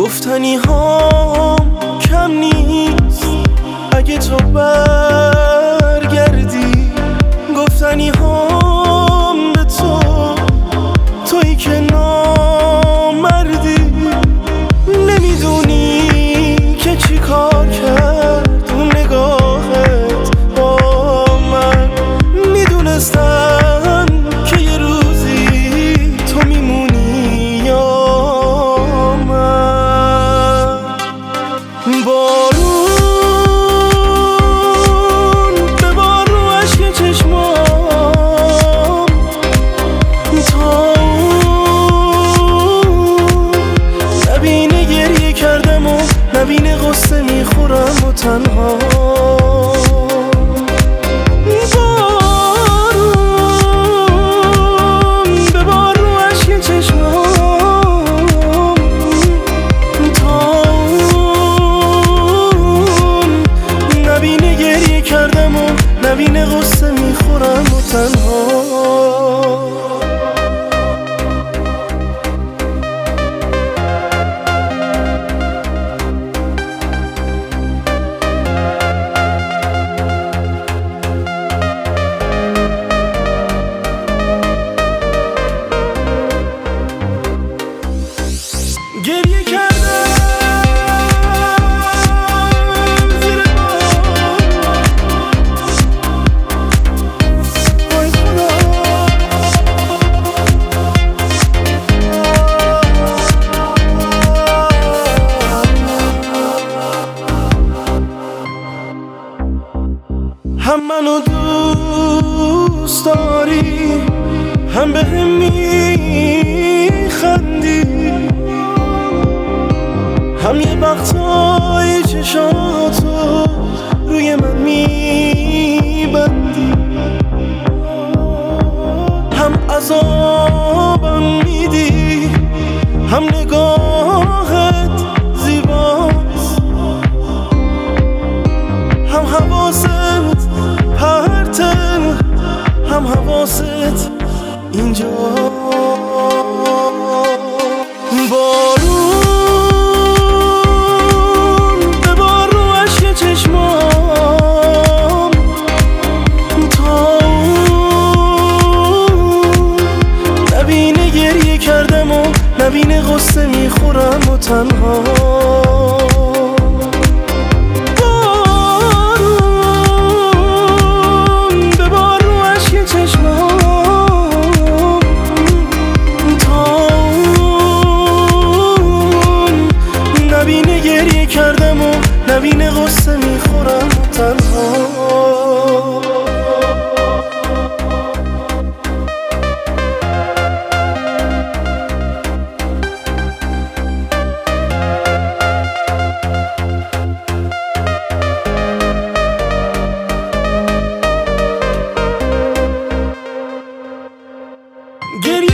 گفتنی ها کم نیست اگه تو برگردی گفتنی ها بین غصه میخورم هم منو دوست داری هم به هم میخندی هم یه وقتای چشاتو روی من میبندی هم عذابم میدی هم نگاه اینجا بارون به بارو رو چشمام تا نبینه گریه کردم و نبینه غصه میخورم و تنها کردم و نبین غصه میخورم تنها گریه